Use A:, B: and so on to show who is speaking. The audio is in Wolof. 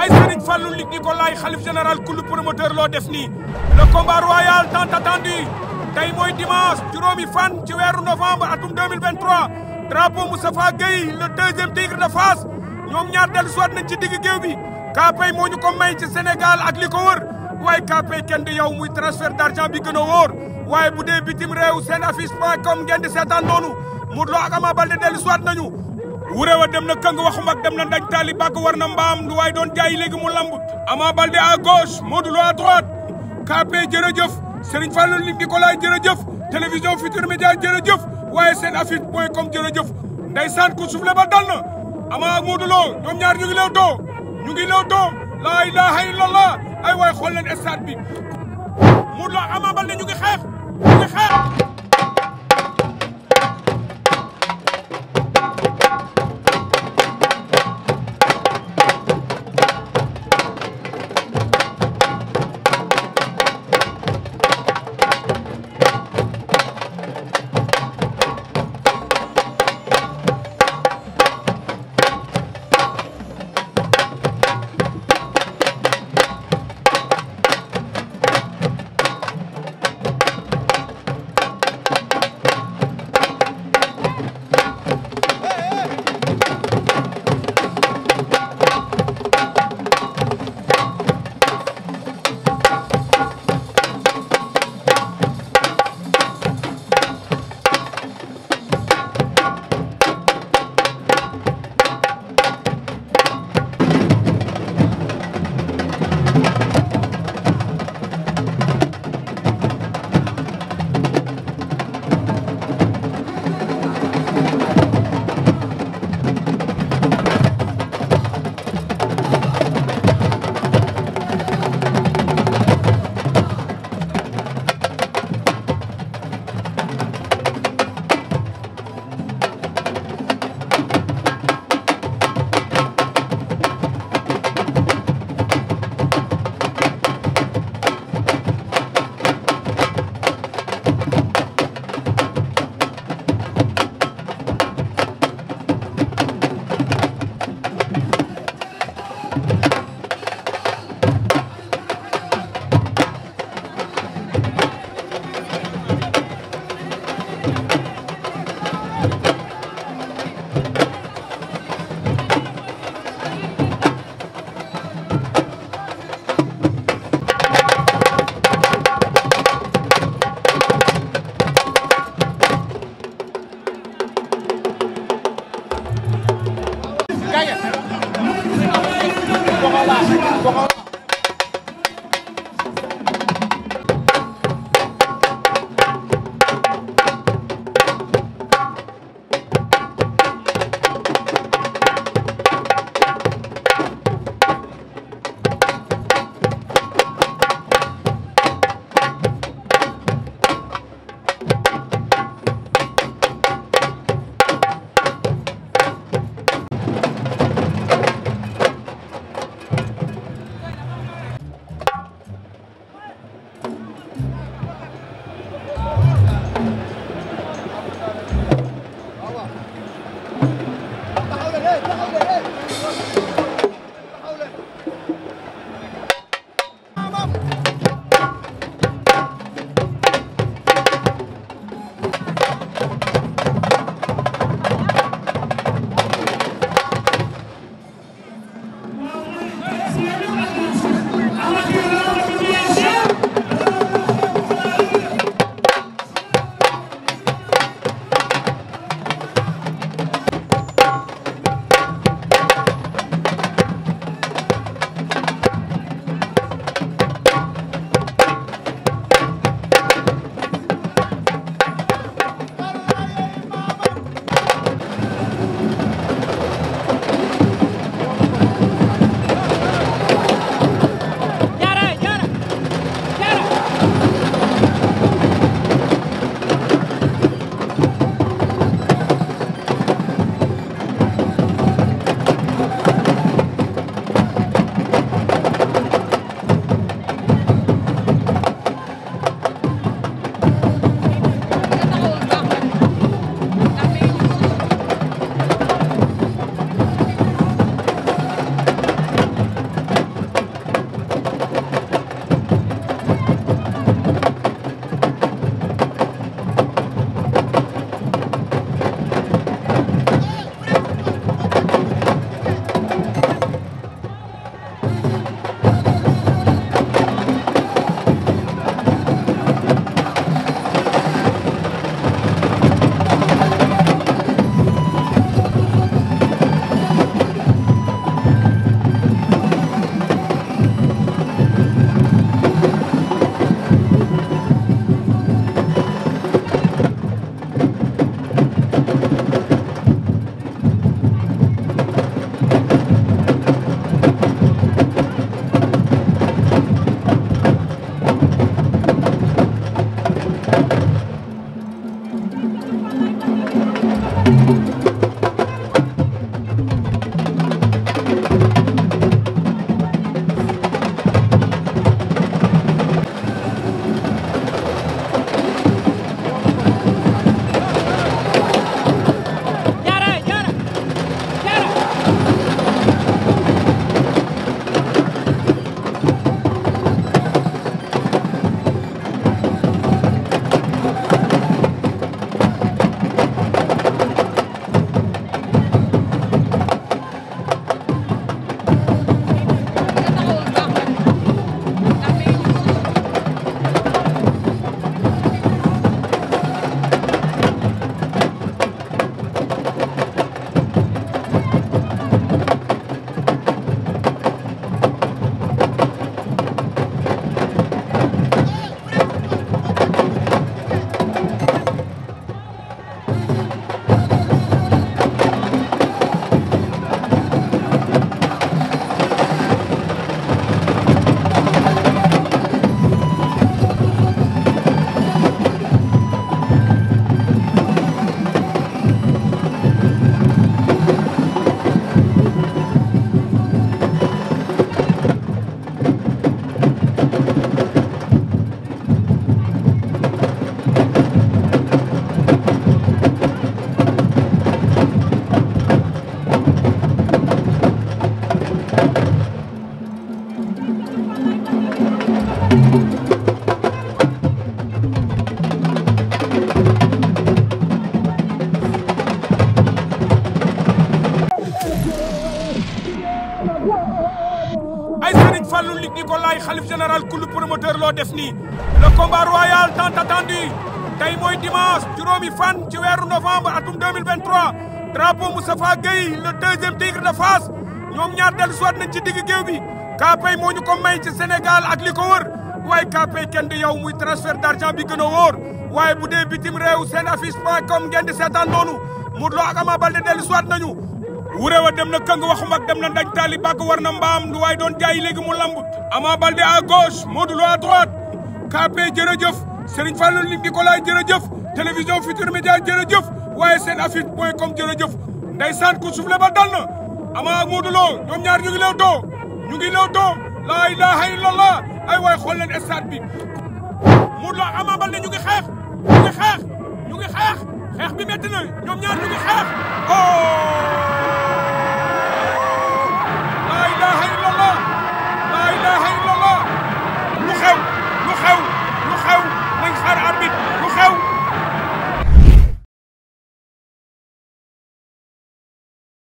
A: ay Serigne Fallou Luc Nicolaï xalif général kulub promoteur loo def nii le combat royal tant attendu tey mooy dimanche juróomi fan ci weeru novembre atum 2023 drapeau Moustapha Gueye le deuxième tigre de Fass ñoom ñaar dellu soit nañ ci digg géew bi Kaapay moo ñu ko may ci Sénégal ak li ko wër waaye Kaapay kenn du yow muy transfert d'argent bi gën a wóor waaye bu dee bitim réew seen affiche point com ngeen di seetaan noonu Modou Lo ak Ama Baldé dellu soit nañu wurewa dem na kang waxu dem na ndañ taali bàgg war na mbaam lu waay doon jaay léegi mu lamb Ama Baldé à gauche Modou Lo à jërëjëf Serigne Fallou li Nicolas jërëjëf télévision Futurs Médias jërëjëf waaye seen affiche point com jërëjëf ndeysaan ku suufle ba dal na Ama ak Modou Lo ñoom ñaar ñu ngi leew too ñu ngi leew too laa ilaha illallah ay waay xool leen stade bi Modou Lo Ama Baldé ñu ngi xeex ñu ngi xeex xalif général kullu promoteur loo def nii le combat royal tant attendu tey mooy dimanche juróomi fan ci weeru novembre atum 2023 drapeau Moustapha Gueye le deuxième tigre ñoom ñaar dellu suwaat nañ ci digg géew bi Kapay moo ñu ko may ci Sénégal ak li ko wër waaye Kapay kenn du yow muy transfert d'argent bi gën a wóor waaye bu dee bitim réew seen affiche point com ngeen di seetaan noonu Modou Lo ak Ama Baldé dellu siwaat nañu wurewa dem na këng waxum dem na ndaj taali war na mbaam waaye doon jaay léegi mu lamb Ama Baldé à gauche Modou Lo à droite Kapay jërëjëf Serigne Fallou li Nicolas jërëjëf télévision Futurs Médias jërëjëf waaye seen affiche point com jërëjëf ndeysaan ku suufle ba ñu ngi Leewtoo laa ilaaha illallah ay waay xool leen stade bi Modou Lo Ama Baldé ñu ngi xeex ñu ngi xeex ñu ngi xeex xeex bi métti ñoom ñaar ñu ngi xeex oh.